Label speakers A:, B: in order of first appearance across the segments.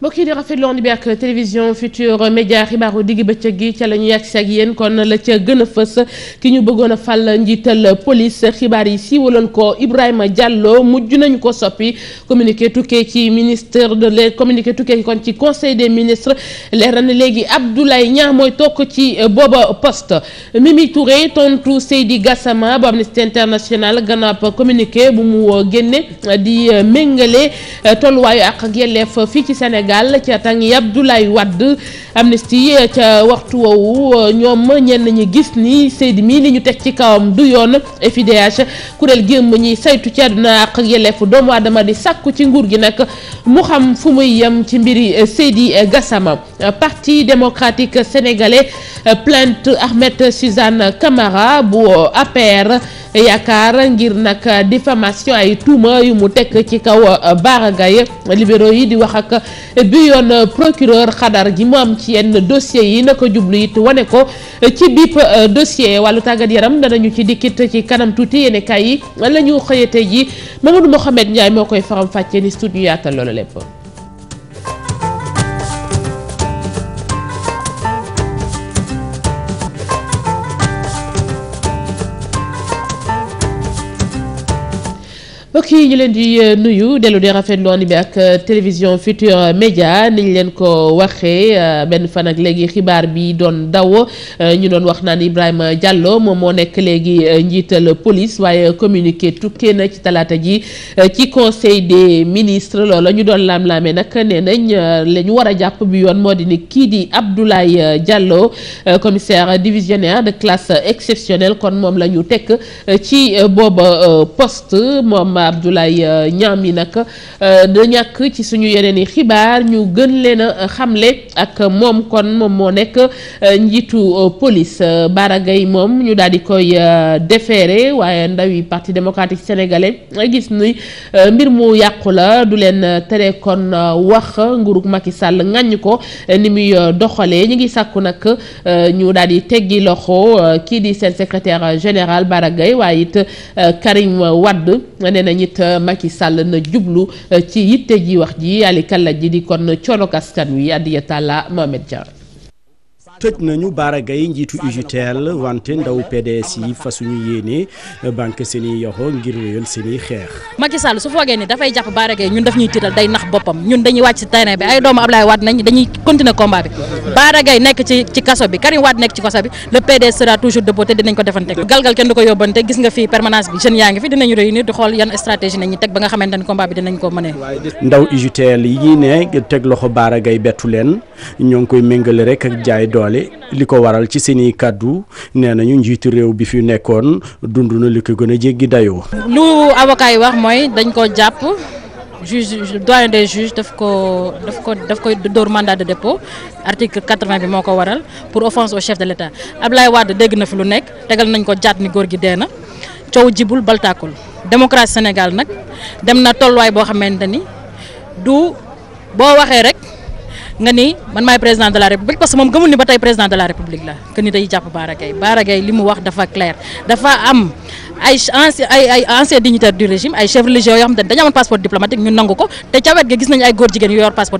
A: mbokk kii di rafetlu woon bi ak télévision Futurs Médias xibaaru digg bëccëg gi ca la ñu yàgg si ak yéen kon la ca gën a fës ki ñu bëggoon a fal njiital police xibaar yi siiwaloon ko Ibrahima Diallo mujj nañu ko soppi communique tukkee ci ministre de l' communiqué tukkee kon ci conseil des ministres leer na léegi Abdoulaye Niang mooy toog ci booba poste Mimi Touré tontu Seydi Gassama bu Amnesty International gannaaw communiqué bu mu génne di méngale tolluwaayu ak ak fii ci Sénégal. Sénégal ca tàng yi Abdoulaye Wade amnistie ca waxtu woowu ñoom ñenn ñi gis ni Seydi mii li ñu teg ci kawam du yoon FIDH kuréel gémm ñi saytu ci àdduna ak yelleefu doomu aadama di sàkku ci nguur gi nag mu xam fu muy yem ci mbiri eh, Seydi Gassama parti démocratique sénégalais eh, plainte Ahmed Suzanne Camara bu APR eh, yaakaar ngir nag diffamation ay tuuma yu mu tekk ci kaw Bara Gaye yi di wax bi e, yoon euh, procureur xadar ji mu am ci yenn dossier yi na ko jublu it wane ko euh, ci bipp euh, dossier wàllu tàggat yaram danañu ci dikkit ci kanam tuuti yéene kaay yi la ñu xëyate ji Mamadou Mohamed Ndiaye moo koy faram fàccee ni studio yaatal loolu lépp mbokk yi ñu leen di euh, nuyu dellu di rafet loon bi ak euh, télévision Futurs Médias ni ñu leen ko waxee euh, benn fan ak léegi xibaar bi doon daw ñu doon wax naan Ibrahima Diallo moom moo nekk léegi njiital police waaye communiqué tukkee na ci talaata ji ci conseil des ministres loola ñu doon laam-laamee nag nee nañ la ñu war a jàpp bi yoon moo di ni kii di Abdoulaye Diallo commissaire divisionnaire de classe exceptionnelle kon moom la ñu tekk ci booba poste moom. Abdoulaye ñaam euh, yi nag euh, da ñàkk ci suñu yeneen i xibaar ñu gën leen xamle ak moom kon moom moo nekk euh, njiitu police Bara Gaye moom ñu daal di koy déféré waaye ndawi parti démocratique sénégalais gis ni mbir mu yàqu la du leen tere kon wax nguurug Macky Sall ŋàññ ko ni muy doxalee ñu ngi sàkku nag ñu daal di teggi loxo kii di seen secrétaire général Bara waaye it Karim Wade nee nañ it euh, Macky Sall na jublu euh, ci yitte ji wax ji yàlla kàlla ji di kon coono askan wi Adiya Talla Mohamed Dia.
B: tëj nañu Bara Gaye njiitu UJTL wante ndaw PDS yi fa suñu yéene banque seeni yoxo ngir wéyal seeni xeex.
C: Macky su foogee ni dafay jàpp Bara ñun daf ñuy tiital day nax boppam ñun dañuy wàcc ci terrain bi ay doomu Ablaye Wade nañ dañuy continuer combat bi Bara nekk ci kaso bi Karim Wade nekk ci kaso bi le PDS sera toujours dinañ ko defante galgal kenn du ko yóbbante gis nga fii permanence bi jeunes yaa ngi fi dinañu réunir di xool yan stratégie
B: doole li ko waral ci seeni kàddu nee nañu njiitu réew bi fi nekkoon dund na li ko gën a jéggi dayoo.
C: lu avocat yi wax mooy dañ ko jàpp juge doyen des juges daf ko daf ko daf koy dóor mandat de dépôt article quatre-vingt bi moo ko waral pour offense au chef de l'État Ablaye Wade dégg na fi lu nekk tegal nañ ko jaat ni góor gi dee na coow jibul baltaakul démocratie Sénégal nag dem na tolluwaay boo xamante ni du boo waxee rek. nga ni man maay président de la république parce que moom gëmul ni ba tey président de la république la que ni jàpp Bara Gaye li mu wax dafa clair dafa am ay ancien ay ay ancien dignitaire du régime ay chefs religieux yoo xam ne dañu amoon passeport diplomatique ñu nangu ko te ca wet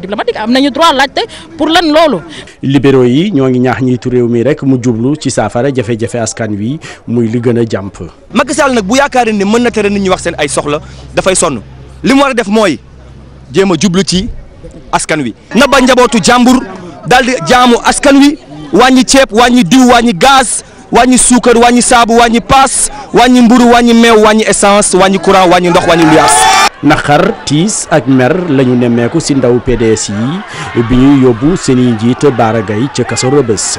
C: pour lan loolu.
B: libéraux yi ñoo ngi ñaax njiitu réew mii rek mu jublu ci saafara jafe-jafe askan wi muy li gën a jàmp. Macky Sall nag bu yaakaaree ne mën na tere nit ñi wax seen ay soxla dafay sonn li mu war a def mooy jéem a jublu ci. askan wi na ba njabootu jàmbur daal jaamu askan wi wàññi ceeb wàññi diw wàññi gaz wàññi suukar wàññi saabu wàññi paas wàññi mburu wàññi meew wàññi essence wàññi courant wàññi ndox wàññi luyaas naxar tiis ak mer lañu nemmeeku ci ndaw PDS yi bi ñuy yóbbu seeni njiit Bara Gaye ca kaso Rebeuss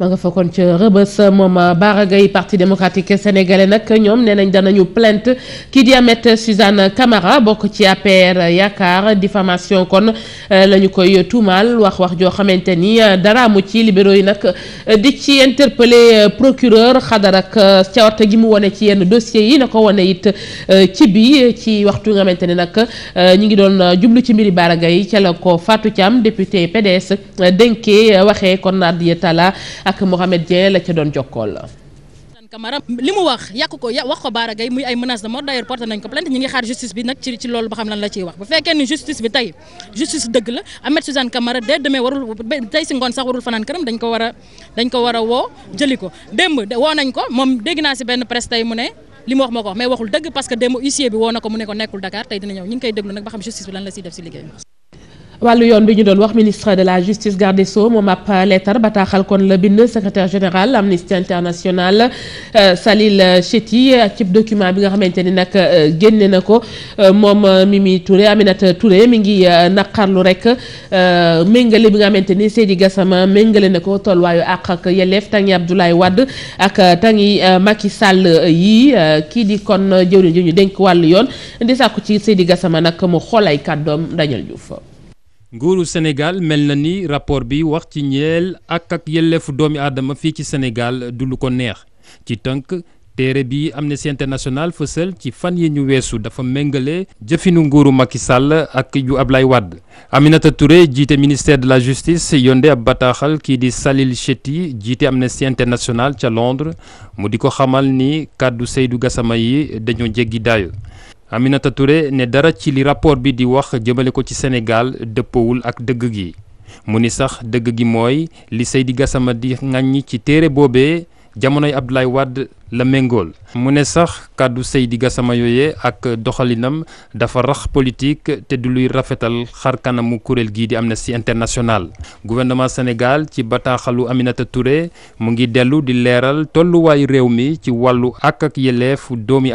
A: ma nga fa kon ca rëbës moom ah, Bara Gaye parti démocratique sénégalais nag ñoom nee nañ danañu plainte kii di Ahmed Suzanne Camara bokk ci APR yaakaar diffamation kon eh, la ñu koy tuumaal wax wax joo xamante ni eh, dara mu ci libéro yi nag eh, di ci interpellé procureur xadar ak cawarte gi mu wone ci yenn dossiers yi na ko wone it ci bi ci waxtu nga xamante ni nag ñi ngi doon jublu ci mbiri Bara yi ca la ko Fatou Thiam député PDS dénkee waxee kon Nadia Talla ak
C: li mu wax yàq ko wax ko Bara muy ay menaces de mort d'ailleurs porté nañ ko plainte ñi ngi xaar justice bi nag ci loolu ba xam lan la ciy wax bu fekkee ni justice bi tey justice dëgg la Ahmed Suzanne Camara dès demain warul tey si ngoon sax warul fanaan këram dañ ko war woo jëli ko démb woo nañ ko moom dégg naa si benn presse tey mu ne li mu wax moo ko wax mais waxul dëgg parce que démb huissier bi woo na ko mu ne ko nekkul Dakar tey dina ñëw ñu ngi koy
A: wàllu yoon bi ñu doon wax ministre de la justice garde des sceaux moom ab lettre bataaxal kon la bind secrétaire général Amnesty International euh, Salil Chetty ci document bi nga xamante ni nag euh, génne na ko euh, moom mi Mimi Touré Aminata Touré mi ngi naqarlu rek méngale bi nga xamante ni Seydi Gassama méngale na ko tolluwaayu àq ak yelleef tangi Abdoulaye Wade ak tangi Macky sàll yi kii di kon jëwriñ ji ñu dénk wàllu yoon di sàkku ci Seydi Gassama nag mu xool ay kàddoo Daniel
D: Diouf nguuru Sénégal mel na ni rapport bi wax ci ñeel ak ak yelleefu doomi aadama fii ci Sénégal du lu ko neex ci tënk téere bi Amnesty International fësal ci fan yi ñu weesu dafa méngale jëfinu nguuru Macky Sall ak yu Ablaye Wade Aminata Touré jiite ministère de la justice yonde ab bataaxal kii di Salil Chetty jiite Amnesty International ca Londres mu di ko xamal ni kàddu Seydou Gassama yi dañoo jéggi daayo Aminata Touré ne dara ci li rapport bi di wax jëmale ko ci Sénégal dëppawul ak dëgg gi mu ni sax dëgg gi mooy li Seydi Gassama di ŋàññi ci téere boobe jamonoy Abdoulaye Wade la méngool mu ne sax kàddu Seydi Gassama yooye ak doxalinam dafa rax politique te du luy rafetal xar kanamu kuréel gii di Amnesty International gouvernement Sénégal ci bataaxalu Aminata Touré mu ngi dellu di leeral tolluwaayu réew mi ci wàllu ak ak yelleef doomi